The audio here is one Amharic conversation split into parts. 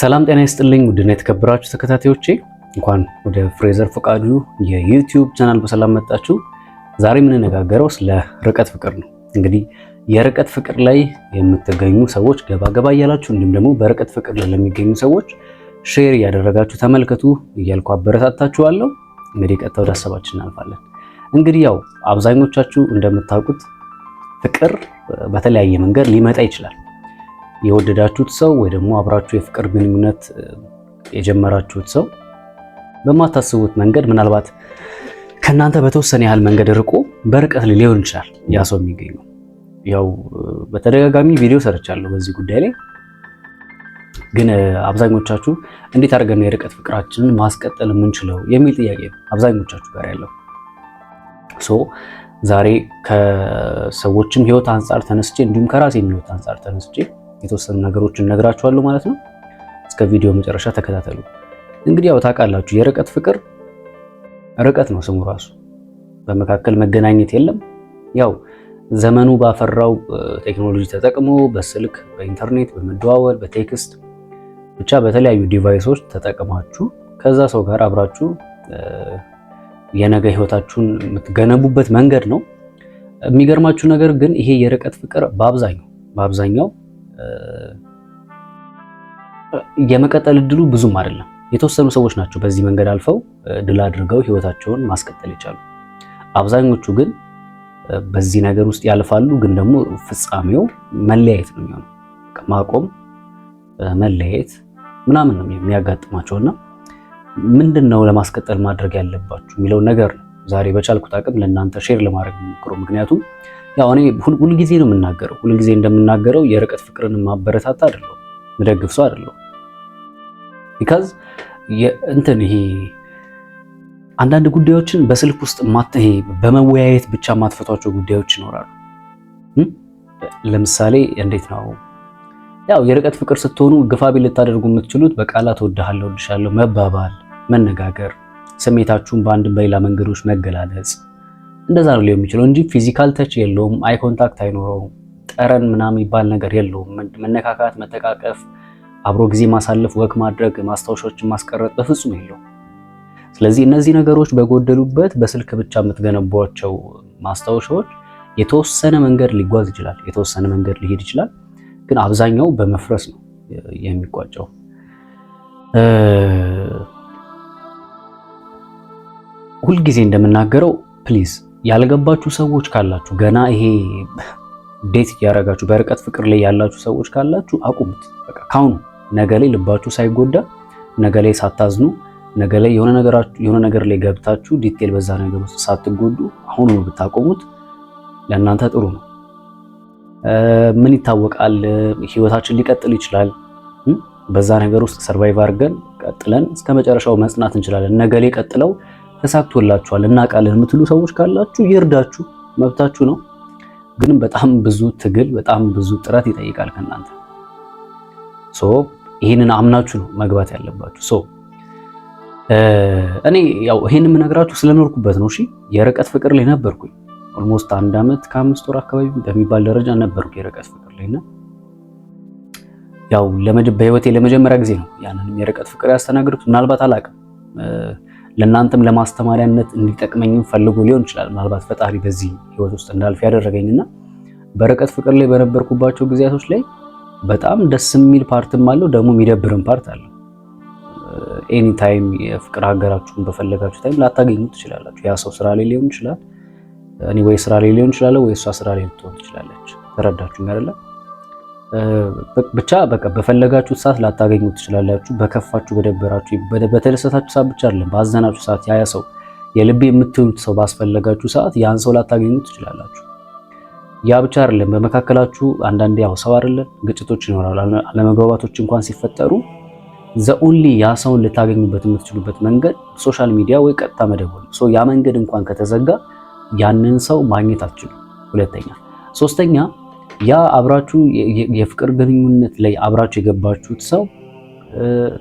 ሰላም ጤና ይስጥልኝ። ውድና የተከበራችሁ ተከታታዮቼ እንኳን ወደ ፍሬዘር ፈቃዱ የዩቲዩብ ቻናል በሰላም መጣችሁ። ዛሬ የምንነጋገረው ስለ ርቀት ፍቅር ነው። እንግዲህ የርቀት ፍቅር ላይ የምትገኙ ሰዎች ገባ ገባ እያላችሁ እንዲሁም ደግሞ በርቀት ፍቅር ላይ ለሚገኙ ሰዎች ሼር እያደረጋችሁ ተመልከቱ እያልኩ አበረታታችኋለሁ። እንግዲህ ቀጥታ ወደ ሀሳባችን እናልፋለን። እንግዲህ ያው አብዛኞቻችሁ እንደምታውቁት ፍቅር በተለያየ መንገድ ሊመጣ ይችላል። የወደዳችሁት ሰው ወይ ደግሞ አብራችሁ የፍቅር ግንኙነት የጀመራችሁት ሰው በማታስቡት መንገድ ምናልባት ከእናንተ በተወሰነ ያህል መንገድ ርቆ በርቀት ሊሆን ይችላል ያ ሰው የሚገኘው። ያው በተደጋጋሚ ቪዲዮ ሰርቻለሁ በዚህ ጉዳይ ላይ ግን አብዛኞቻችሁ እንዴት አድርገን የርቀት ፍቅራችንን ማስቀጠል የምንችለው የሚል ጥያቄ ነው አብዛኞቻችሁ ጋር ያለው። ሶ ዛሬ ከሰዎችም ህይወት አንጻር ተነስቼ እንዲሁም ከራሴ ህይወት አንጻር ተነስቼ የተወሰኑ ነገሮችን እነግራችኋለሁ ማለት ነው። እስከ ቪዲዮ መጨረሻ ተከታተሉ። እንግዲህ ያው ታውቃላችሁ የርቀት ፍቅር ርቀት ነው ስሙ ራሱ፣ በመካከል መገናኘት የለም። ያው ዘመኑ ባፈራው ቴክኖሎጂ ተጠቅሞ በስልክ በኢንተርኔት በመደዋወል በቴክስት ብቻ በተለያዩ ዲቫይሶች ተጠቅማችሁ ከዛ ሰው ጋር አብራችሁ የነገ ህይወታችሁን የምትገነቡበት መንገድ ነው። የሚገርማችሁ ነገር ግን ይሄ የርቀት ፍቅር በአብዛኛው በአብዛኛው የመቀጠል እድሉ ብዙም አይደለም። የተወሰኑ ሰዎች ናቸው በዚህ መንገድ አልፈው ድል አድርገው ህይወታቸውን ማስቀጠል ይቻሉ አብዛኞቹ ግን በዚህ ነገር ውስጥ ያልፋሉ፣ ግን ደግሞ ፍጻሜው መለያየት ነው የሚሆነው። ማቆም፣ መለያየት ምናምን ነው የሚያጋጥማቸውና ምንድን ነው ለማስቀጠል ማድረግ ያለባችሁ የሚለው ነገር ነው ዛሬ በቻልኩት አቅም ለእናንተ ሼር ለማድረግ ሞክሮ ምክንያቱም ያው እኔ ሁልጊዜ ነው የምናገረው፣ ጊዜ እንደምናገረው የርቀት ፍቅርን ማበረታታ አይደለሁ፣ ምደግፍ ሰው አይደለሁ። ቢካዝ እንትን ይሄ አንዳንድ ጉዳዮችን በስልክ ውስጥ ይሄ በመወያየት ብቻ ማትፈቷቸው ጉዳዮች ይኖራሉ። ለምሳሌ እንዴት ነው ያው የርቀት ፍቅር ስትሆኑ ግፋቢ ልታደርጉ የምትችሉት በቃላት ወድሃለሁ፣ ወድሻለሁ መባባል፣ መነጋገር፣ ስሜታችሁን በአንድ በሌላ መንገዶች መገላለጽ እንደዛ ነው ሊሆን የሚችለው እንጂ ፊዚካል ተች የለውም፣ አይ ኮንታክት አይኖረውም፣ ጠረን ምናምን የሚባል ነገር የለውም። መነካካት፣ መተቃቀፍ፣ አብሮ ጊዜ ማሳለፍ፣ ወክ ማድረግ፣ ማስታወሻዎችን ማስቀረጥ በፍጹም የለውም። ስለዚህ እነዚህ ነገሮች በጎደሉበት በስልክ ብቻ የምትገነቧቸው ማስታወሻዎች የተወሰነ መንገድ ሊጓዝ ይችላል፣ የተወሰነ መንገድ ሊሄድ ይችላል፣ ግን አብዛኛው በመፍረስ ነው የሚቋጨው። ሁልጊዜ እንደምናገረው ፕሊዝ ያልገባችሁ ሰዎች ካላችሁ ገና ይሄ ዴት እያደረጋችሁ በርቀት ፍቅር ላይ ያላችሁ ሰዎች ካላችሁ አቁሙት። በቃ ካሁኑ ነገ ላይ ልባችሁ ሳይጎዳ ነገ ላይ ሳታዝኑ ነገ ላይ የሆነ ነገር ላይ ገብታችሁ ዲቴል በዛ ነገር ውስጥ ሳትጎዱ አሁኑ ብታቆሙት ለእናንተ ጥሩ ነው። ምን ይታወቃል፣ ህይወታችን ሊቀጥል ይችላል። በዛ ነገር ውስጥ ሰርቫይቭ አድርገን ቀጥለን እስከ መጨረሻው መጽናት እንችላለን። ነገ ላይ ቀጥለው ተሳክቶላችኋል እናውቃለን የምትሉ ሰዎች ካላችሁ ይርዳችሁ፣ መብታችሁ ነው። ግን በጣም ብዙ ትግል፣ በጣም ብዙ ጥረት ይጠይቃል ከእናንተ ሶ ይህንን አምናችሁ ነው መግባት ያለባችሁ። ሶ እኔ ያው ይህን የምነግራችሁ ስለኖርኩበት ነው። እሺ የርቀት ፍቅር ላይ ነበርኩኝ። ኦልሞስት አንድ ዓመት ከአምስት ወር አካባቢ በሚባል ደረጃ ነበርኩ የርቀት ፍቅር ላይ እና ያው በህይወቴ ለመጀመሪያ ጊዜ ነው ያንንም የርቀት ፍቅር ያስተናግድኩት። ምናልባት አላቅም ለእናንተም ለማስተማሪያነት እንዲጠቅመኝም ፈልጎ ሊሆን ይችላል። ምናልባት ፈጣሪ በዚህ ህይወት ውስጥ እንዳልፍ ያደረገኝና በርቀት ፍቅር ላይ በነበርኩባቸው ጊዜያቶች ላይ በጣም ደስ የሚል ፓርትም አለው፣ ደግሞ የሚደብርም ፓርት አለው። ኤኒ ታይም የፍቅር ሀገራችሁን በፈለጋችሁ ታይም ላታገኙት ትችላላችሁ። ያ ሰው ስራ ላይ ሊሆን ይችላል፣ እኔ ወይ ስራ ላይ ሊሆን ይችላል፣ ወይ እሷ ስራ ላይ ልትሆን ትችላለች። ተረዳችሁ አይደለም? ብቻ በቃ በፈለጋችሁት ሰዓት ላታገኙ ትችላላችሁ። በከፋችሁ፣ በደበራችሁ፣ በተደሰታችሁ ሰዓት ብቻ አይደለም፣ ባዘናችሁ ሰዓት ያያ ሰው የልብ የምትሉት ሰው ባስፈለጋችሁ ሰዓት ያን ሰው ላታገኙ ትችላላችሁ። ያ ብቻ አይደለም፣ በመካከላችሁ አንዳንድ ያው ሰው አይደለም ግጭቶች ይኖራሉ። አለመግባባቶች እንኳን ሲፈጠሩ ዘኦንሊ ያ ሰውን ልታገኙበት የምትችሉበት መንገድ ሶሻል ሚዲያ ወይ ቀጥታ መደወል። ሶ ያ መንገድ እንኳን ከተዘጋ ያንን ሰው ማግኘት አትችሉ። ሁለተኛ ሶስተኛ ያ አብራችሁ የፍቅር ግንኙነት ላይ አብራችሁ የገባችሁት ሰው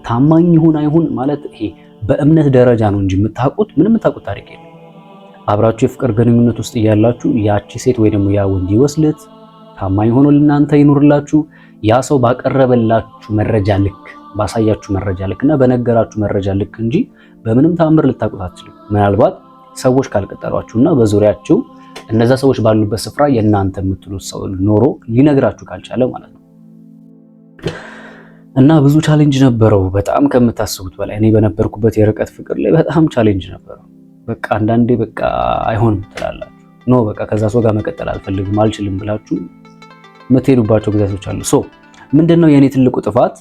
ታማኝ ይሁን አይሁን ማለት ይሄ በእምነት ደረጃ ነው እንጂ የምታውቁት ምንም የምታውቁት ታሪክ የለም። አብራችሁ የፍቅር ግንኙነት ውስጥ እያላችሁ ያቺ ሴት ወይ ደግሞ ያ ወንድ ይወስልት ታማኝ ሆኖ ለእናንተ ይኑርላችሁ። ያ ሰው ባቀረበላችሁ መረጃ ልክ ባሳያችሁ መረጃ ልክ እና በነገራችሁ መረጃ ልክ እንጂ በምንም ታምር ልታውቁት አትችሉም። ምናልባት ሰዎች ካልቀጠሏችሁና እና በዙሪያችሁ እነዛ ሰዎች ባሉበት ስፍራ የእናንተ የምትሉት ሰው ኖሮ ሊነግራችሁ ካልቻለ ማለት ነው። እና ብዙ ቻሌንጅ ነበረው፣ በጣም ከምታስቡት በላይ። እኔ በነበርኩበት የርቀት ፍቅር ላይ በጣም ቻሌንጅ ነበረው። በቃ አንዳንዴ በቃ አይሆንም ትላላችሁ። ኖ በቃ ከዛ ሰው ጋር መቀጠል አልፈልግም አልችልም ብላችሁ የምትሄዱባቸው ጊዜያቶች አሉ። ሶ ምንድን ነው የእኔ ትልቁ ጥፋት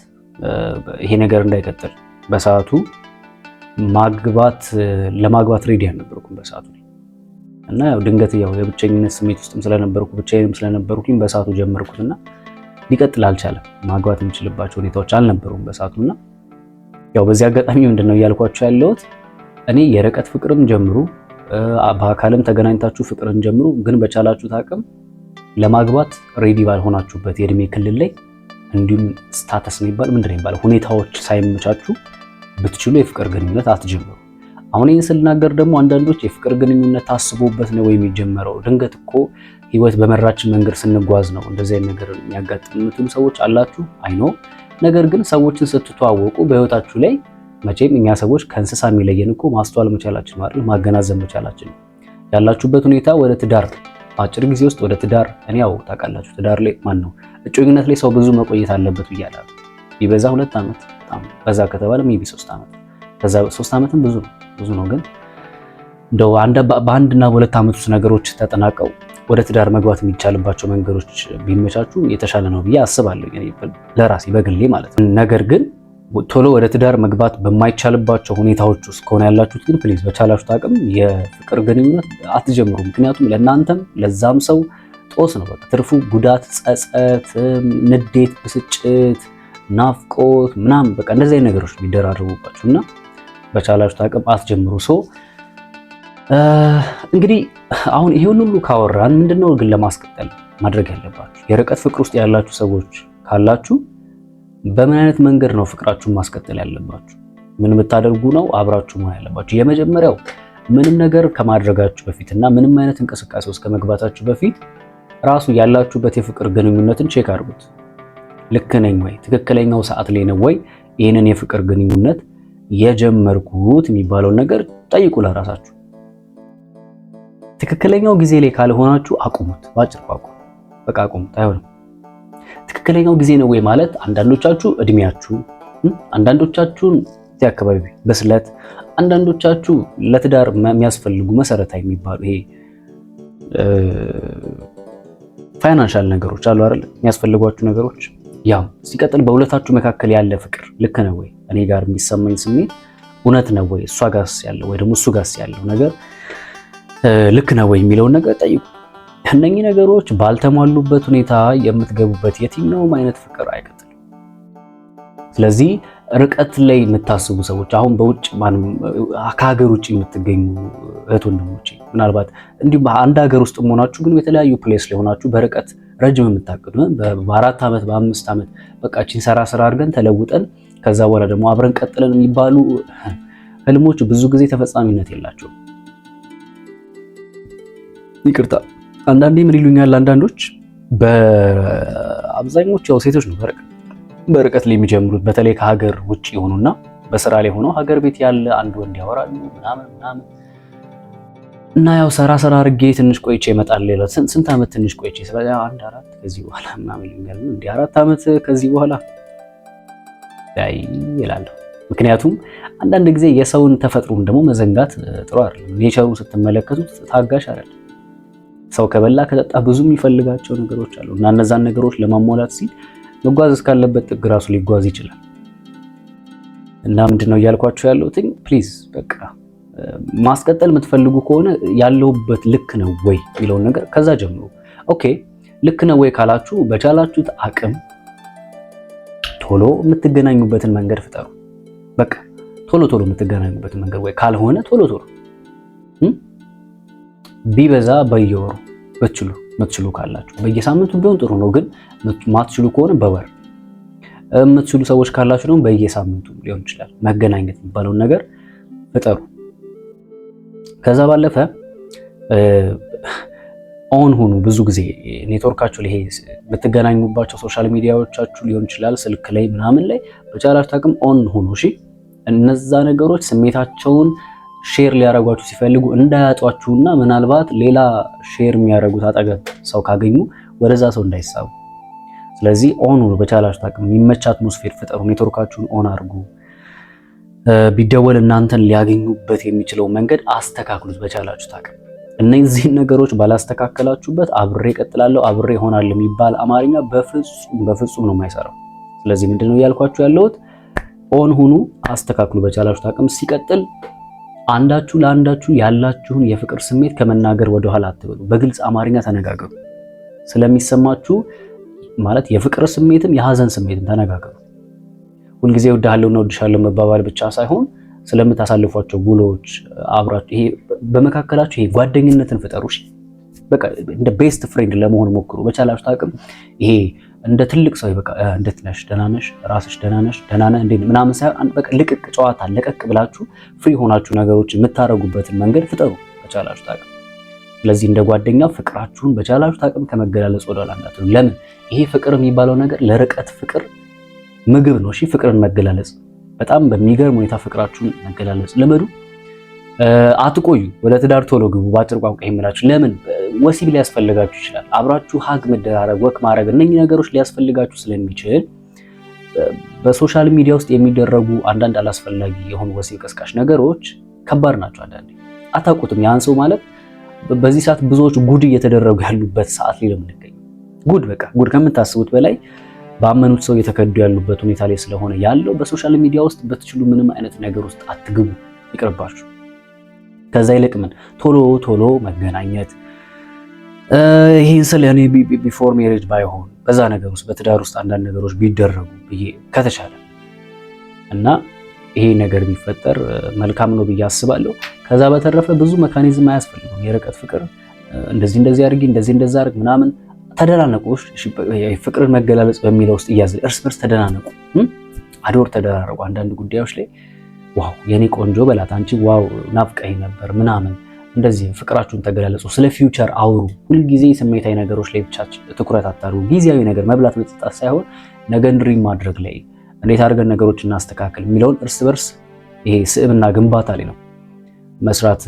ይሄ ነገር እንዳይቀጥል በሰዓቱ ማግባት ለማግባት ሬዲ አልነበርኩም በሰዓቱ እና ያው ድንገት ያው የብቸኝነት ስሜት ውስጥም ስለነበርኩ ብቻዬንም ስለነበርኩኝ በሰዓቱ ጀመርኩትና ሊቀጥል አልቻለም። ማግባት የምችልባቸው ሁኔታዎች አልነበሩም በሳቱና ያው በዚህ አጋጣሚ ምንድነው እያልኳቸው ያለሁት እኔ የርቀት ፍቅርም ጀምሩ በአካልም ተገናኝታችሁ ፍቅርን ጀምሩ፣ ግን በቻላችሁት አቅም ለማግባት ሬዲ ባልሆናችሁበት የእድሜ ክልል ላይ እንዲሁም ስታተስ የሚባል ምንድን ነው የሚባለው ሁኔታዎች ሳይመቻችሁ ብትችሉ የፍቅር ግንኙነት አትጀምሩ። አሁን ይህን ስናገር ደግሞ አንዳንዶች የፍቅር ግንኙነት ታስቦበት ነው የሚጀመረው፣ ድንገት እኮ ህይወት በመራችን መንገድ ስንጓዝ ነው እንደዚህ አይነት ነገር የሚያጋጥምትም ሰዎች አላችሁ አይኖ። ነገር ግን ሰዎችን ስትተዋወቁ በህይወታችሁ ላይ መቼም እኛ ሰዎች ከእንስሳ የሚለየን እኮ ማስተዋል መቻላችን ማለት ማገናዘብ መቻላችን ያላችሁበት ሁኔታ ወደ ትዳር በአጭር ጊዜ ውስጥ ወደ ትዳር እኔ ያው ታውቃላችሁ፣ ትዳር ላይ ማን ነው እጮኝነት ላይ ሰው ብዙ መቆየት አለበት ብያለሁ። ቢበዛ ሁለት ዓመት በዛ ከተባለ ሜይ ቢ ሶስት ዓመት ከዛ ሶስት ዓመትም ብዙ ነው። ብዙ ነው። ግን እንደው በአንድና በሁለት ዓመት ውስጥ ነገሮች ተጠናቀው ወደ ትዳር መግባት የሚቻልባቸው መንገዶች ቢመቻቹ የተሻለ ነው ብዬ አስባለሁ፣ ለራሴ በግሌ ማለት ነው። ነገር ግን ቶሎ ወደ ትዳር መግባት በማይቻልባቸው ሁኔታዎች ውስጥ ከሆነ ያላችሁት ግን ፕሊዝ በቻላችሁት አቅም የፍቅር ግንኙነት አትጀምሩ። ምክንያቱም ለእናንተም ለዛም ሰው ጦስ ነው። በቃ ትርፉ ጉዳት፣ ጸጸት፣ ንዴት፣ ብስጭት፣ ናፍቆት ምናምን በቃ እንደዚህ አይነት ነገሮች የሚደራረቡባችሁ እና በቻላችሁት አቅም አስጀምሩ። ሶ እንግዲህ አሁን ይሄን ሁሉ ካወራን ምንድነው ግን ለማስቀጠል ማድረግ ያለባችሁ የርቀት ፍቅር ውስጥ ያላችሁ ሰዎች ካላችሁ በምን አይነት መንገድ ነው ፍቅራችሁን ማስቀጠል ያለባችሁ? ምን የምታደርጉ ነው አብራችሁ መሆን ያለባችሁ? የመጀመሪያው ምንም ነገር ከማድረጋችሁ በፊት እና ምንም አይነት እንቅስቃሴ ውስጥ ከመግባታችሁ በፊት ራሱ ያላችሁበት የፍቅር ግንኙነትን ቼክ አድርጉት። ልክ ነኝ ወይ? ትክክለኛው ሰዓት ላይ ነው ወይ ይህንን የፍቅር ግንኙነት የጀመርኩት የሚባለውን ነገር ጠይቁ ለራሳችሁ። ትክክለኛው ጊዜ ላይ ካልሆናችሁ አቁሙት። ባጭር ቋቁ በቃ አቁሙት። አይሆንም። ትክክለኛው ጊዜ ነው ወይ ማለት አንዳንዶቻችሁ እድሜያችሁ፣ አንዳንዶቻችሁን እዚህ አካባቢ በስለት፣ አንዳንዶቻችሁ ለትዳር የሚያስፈልጉ መሰረታዊ የሚባሉ ይሄ ፋይናንሻል ነገሮች አሉ አይደል? የሚያስፈልጓችሁ ነገሮች ያም ሲቀጥል በሁለታችሁ መካከል ያለ ፍቅር ልክ ነው ወይ እኔ ጋር የሚሰማኝ ስሜት እውነት ነው ወይ እሷ ጋርስ ያለው ወይ ደግሞ እሱ ጋርስ ያለው ነገር ልክ ነው ወይ የሚለውን ነገር ጠይቁ። እነኚህ ነገሮች ባልተሟሉበት ሁኔታ የምትገቡበት የትኛውም አይነት ፍቅር አይቀጥልም። ስለዚህ ርቀት ላይ የምታስቡ ሰዎች አሁን በውጭ ከሀገር ውጭ የምትገኙ እህት ወንድሞች፣ ምናልባት እንዲሁም አንድ ሀገር ውስጥ መሆናችሁ ግን የተለያዩ ፕሌስ ላይ ሆናችሁ በርቀት ረጅም የምታቅዱ በአራት ዓመት በአምስት ዓመት በቃችን ሰራ ስራ አድርገን ተለውጠን ከዛ በኋላ ደግሞ አብረን ቀጥለን የሚባሉ ህልሞች ብዙ ጊዜ ተፈጻሚነት የላቸው። ይቅርታ አንዳንዴ ምን ይሉኛል አንዳንዶች በአብዛኞቹ ያው ሴቶች ነው በርቀት ላይ የሚጀምሩት በተለይ ከሀገር ውጭ የሆኑና በስራ ላይ ሆነው ሀገር ቤት ያለ አንድ ወንድ ያወራሉ ምናምን ምናምን እና ያው ሰራ ሰራ አድርጌ ትንሽ ቆይቼ እመጣለሁ ይላል። ስንት ዓመት ትንሽ ቆይቼ ስለ አንድ አራት ከዚህ በኋላ ምናምን ይሉኛል። እንዲህ አራት ዓመት ከዚህ በኋላ አይ ይላሉ። ምክንያቱም አንዳንድ ጊዜ የሰውን ተፈጥሮም ደግሞ መዘንጋት ጥሩ አይደለም። ኔቸሩ ስትመለከቱት ታጋሽ አይደለም። ሰው ከበላ ከጠጣ ብዙ የሚፈልጋቸው ነገሮች አሉ እና እነዛን ነገሮች ለማሟላት ሲል መጓዝ እስካለበት ጥግ ራሱ ሊጓዝ ይችላል። እና ምንድን ነው እያልኳቸው ያለሁት ፕሊዝ በቃ ማስቀጠል የምትፈልጉ ከሆነ ያለሁበት ልክ ነው ወይ የሚለውን ነገር ከዛ ጀምሮ ኦኬ ልክ ነው ወይ ካላችሁ በቻላችሁት አቅም ቶሎ የምትገናኙበትን መንገድ ፍጠሩ። በቃ ቶሎ ቶሎ የምትገናኙበትን መንገድ ወይ ካልሆነ ቶሎ ቶሎ ቢበዛ በየወሩ ብትችሉ የምትችሉ ካላችሁ በየሳምንቱ ቢሆን ጥሩ ነው። ግን ማትችሉ ከሆነ በወር የምትችሉ ሰዎች ካላችሁ ደግሞ በየሳምንቱ ሊሆን ይችላል። መገናኘት የሚባለውን ነገር ፍጠሩ። ከዛ ባለፈ ኦን ሁኑ። ብዙ ጊዜ ኔትወርካችሁ ላይ የምትገናኙባቸው ሶሻል ሚዲያዎቻችሁ ሊሆን ይችላል፣ ስልክ ላይ ምናምን ላይ በቻላችሁ አቅም ኦን ሁኑ። እሺ፣ እነዛ ነገሮች ስሜታቸውን ሼር ሊያደርጓችሁ ሲፈልጉ እንዳያጧችሁና ምናልባት ሌላ ሼር የሚያደርጉት አጠገብ ሰው ካገኙ ወደዛ ሰው እንዳይሳቡ። ስለዚህ ኦን ሁኑ በቻላችሁ አቅም፣ የሚመች አትሞስፌር ፍጠሩ። ኔትወርካችሁን ኦን አድርጉ። ቢደወል እናንተን ሊያገኙበት የሚችለው መንገድ አስተካክሉት በቻላችሁ አቅም። እነዚህን ነገሮች ባላስተካከላችሁበት አብሬ እቀጥላለሁ አብሬ ይሆናል የሚባል አማርኛ በፍጹም በፍጹም ነው የማይሰራው። ስለዚህ ምንድነው እያልኳችሁ ያለሁት ኦን ሁኑ፣ አስተካክሉ በቻላችሁት አቅም። ሲቀጥል አንዳችሁ ለአንዳችሁ ያላችሁን የፍቅር ስሜት ከመናገር ወደኋላ አትበሉ። በግልጽ አማርኛ ተነጋገሩ። ስለሚሰማችሁ ማለት የፍቅር ስሜትም የሀዘን ስሜትም ተነጋገሩ። ሁልጊዜ እወድሃለሁ እና እወድሻለሁ መባባል ብቻ ሳይሆን ስለምታሳልፏቸው ውሎች አብራችሁ ይሄ በመካከላችሁ ይሄ ጓደኝነትን ፍጠሩ። በቃ እንደ ቤስት ፍሬንድ ለመሆን ሞክሩ። በቻላችሁ አቅም ይሄ እንደ ትልቅ ሰው በቃ እንዴት ነሽ፣ ደህና ነሽ፣ ራስሽ ደህና ነሽ፣ ደህና ነህ እንዴ ምናምን ሳይሆን በቃ ልቅቅ ጨዋታ ለቀቅ ብላችሁ ፍሪ ሆናችሁ ነገሮችን የምታረጉበትን መንገድ ፍጠሩ በቻላችሁ አቅም። ስለዚህ እንደ ጓደኛ ፍቅራችሁን በቻላችሁ አቅም ከመገላለጽ ወደኋላ እንዳትሉ። ለምን ይሄ ፍቅር የሚባለው ነገር ለርቀት ፍቅር ምግብ ነው። እሺ ፍቅርን መገላለጽ በጣም በሚገርም ሁኔታ ፍቅራችሁን መገላለጽ ልመዱ። አትቆዩ፣ ወደ ትዳር ቶሎ ግቡ። በአጭር ቋንቋ የምላችሁ ለምን ወሲብ ሊያስፈልጋችሁ ይችላል። አብራችሁ ሀግ መደራረግ፣ ወክ ማድረግ እነኚህ ነገሮች ሊያስፈልጋችሁ ስለሚችል በሶሻል ሚዲያ ውስጥ የሚደረጉ አንዳንድ አላስፈላጊ የሆኑ ወሲብ ቀስቃሽ ነገሮች ከባድ ናቸው። አንዳንዴ አታውቁትም። ያን ሰው ማለት በዚህ ሰዓት ብዙዎች ጉድ እየተደረጉ ያሉበት ሰዓት ላይ ለምንገኝ ጉድ በቃ ጉድ ከምታስቡት በላይ ባመኑት ሰው እየተከዱ ያሉበት ሁኔታ ላይ ስለሆነ ያለው በሶሻል ሚዲያ ውስጥ በትችሉ ምንም አይነት ነገር ውስጥ አትግቡ፣ ይቅርባችሁ። ከዛ ይልቅ ምን ቶሎ ቶሎ መገናኘት ይህን ስል እኔ ቢፎር ሜሬጅ ባይሆን በዛ ነገር ውስጥ በትዳር ውስጥ አንዳንድ ነገሮች ቢደረጉ ብዬ ከተቻለ እና ይሄ ነገር ቢፈጠር መልካም ነው ብዬ አስባለሁ። ከዛ በተረፈ ብዙ መካኒዝም አያስፈልግም። የርቀት ፍቅር እንደዚህ እንደዚህ አድርጊ እንደዚህ እንደዛ አድርግ ምናምን ተደናነቁ። ፍቅርን መገላለጽ በሚለው ውስጥ እያዘ እርስ በርስ ተደናነቁ፣ አዶር ተደራረቁ አንዳንድ ጉዳዮች ላይ ዋው የኔ ቆንጆ በላት፣ አንቺ ዋው ናፍቀኝ ነበር ምናምን እንደዚህ ፍቅራችሁን ተገላለጹ። ስለ ፊውቸር አውሩ። ሁልጊዜ ስሜታዊ ነገሮች ላይ ብቻ ትኩረት አታድርጉ። ጊዜያዊ ነገር መብላት መጠጣት ሳይሆን ነገን ድሪም ማድረግ ላይ እንዴት አድርገን ነገሮች እናስተካክል የሚለውን እርስ በርስ ይሄ ስዕብና ግንባታ ላይ ነው መስራት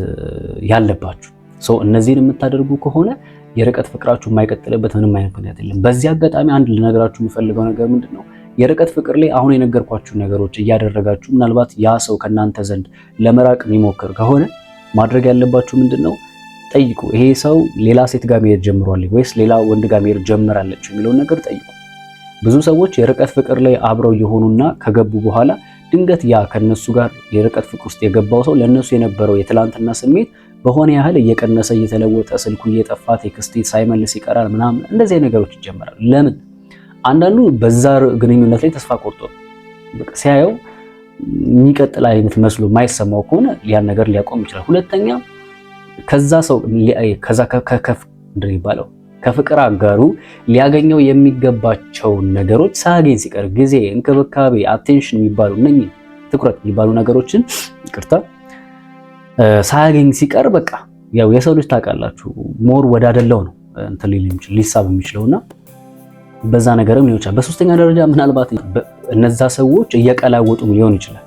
ያለባችሁ። ሶ እነዚህን የምታደርጉ ከሆነ የርቀት ፍቅራችሁ የማይቀጥልበት ምንም አይነት ምክንያት የለም። በዚህ አጋጣሚ አንድ ልነግራችሁ የምፈልገው ነገር ምንድን ነው? የርቀት ፍቅር ላይ አሁን የነገርኳችሁ ነገሮች እያደረጋችሁ ምናልባት ያ ሰው ከእናንተ ዘንድ ለመራቅ የሚሞክር ከሆነ ማድረግ ያለባችሁ ምንድን ነው? ጠይቁ። ይሄ ሰው ሌላ ሴት ጋር መሄድ ጀምሯል ወይስ ሌላ ወንድ ጋር መሄድ ጀምራለች የሚለውን ነገር ጠይቁ። ብዙ ሰዎች የርቀት ፍቅር ላይ አብረው የሆኑና ከገቡ በኋላ ድንገት ያ ከነሱ ጋር የርቀት ፍቅር ውስጥ የገባው ሰው ለነሱ የነበረው የትላንትና ስሜት በሆነ ያህል እየቀነሰ እየተለወጠ ስልኩ እየጠፋ ቴክስት ሳይመልስ ይቀራል ምናምን፣ እንደዚህ ነገሮች ይጀምራል። ለምን አንዳንዱ በዛ ግንኙነት ላይ ተስፋ ቆርጦ ሲያየው የሚቀጥል አይነት መስሎ የማይሰማው ከሆነ ያን ነገር ሊያቆም ይችላል። ሁለተኛ ከዛ ሰው ከዛ ከከፍ እንደሚባለው ከፍቅር አጋሩ ሊያገኘው የሚገባቸው ነገሮች ሳያገኝ ሲቀር ጊዜ፣ እንክብካቤ፣ አቴንሽን የሚባሉ እነ ትኩረት የሚባሉ ነገሮችን ይቅርታ ሳያገኝ ሲቀር በቃ ያው የሰው ልጅ ታውቃላችሁ ሞር ወዳደለው ነው እንትን ሊሳብ የሚችለውና በዛ ነገርም ሊሆን ይችላል። በሶስተኛ ደረጃ ምናልባት እነዛ ሰዎች እየቀላወጡም ሊሆን ይችላል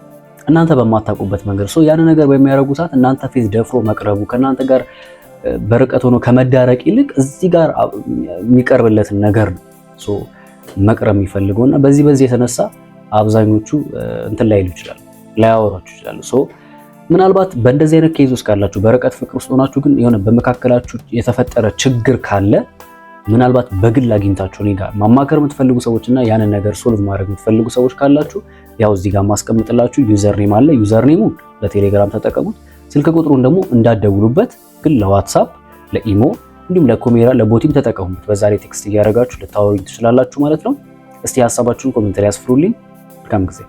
እናንተ በማታውቁበት መንገድ ሰው ያን ነገር በሚያደርጉ ሰዓት እናንተ ፊት ደፍሮ መቅረቡ ከእናንተ ጋር በርቀት ሆኖ ከመዳረቅ ይልቅ እዚህ ጋር የሚቀርብለትን ነገር ነው መቅረብ የሚፈልገው እና በዚህ በዚህ የተነሳ አብዛኞቹ እንትን ላይሉ ይችላሉ፣ ላያወሯችሁ ይችላሉ። ምናልባት በእንደዚህ አይነት ኬዝ ውስጥ ካላችሁ በርቀት ፍቅር ውስጥ ሆናችሁ ግን የሆነ በመካከላችሁ የተፈጠረ ችግር ካለ ምናልባት በግል አግኝታችሁ እኔ ጋር ማማከር የምትፈልጉ ሰዎች እና ያንን ነገር ሶልቭ ማድረግ የምትፈልጉ ሰዎች ካላችሁ ያው እዚህ ጋር ማስቀምጥላችሁ ዩዘር ኔም አለ። ዩዘር ለቴሌግራም ተጠቀሙት። ስልክ ቁጥሩን ደግሞ እንዳደውሉበት ግን ለዋትሳፕ፣ ለኢሞ እንዲሁም ለኮሜራ ለቦቲም ተጠቀሙበት በዛ ላይ ቴክስት እያደረጋችሁ ልታወሩኝ ትችላላችሁ ማለት ነው። እስቲ ሀሳባችሁን ኮሜንት ላይ ያስፍሩልኝ። መልካም ጊዜ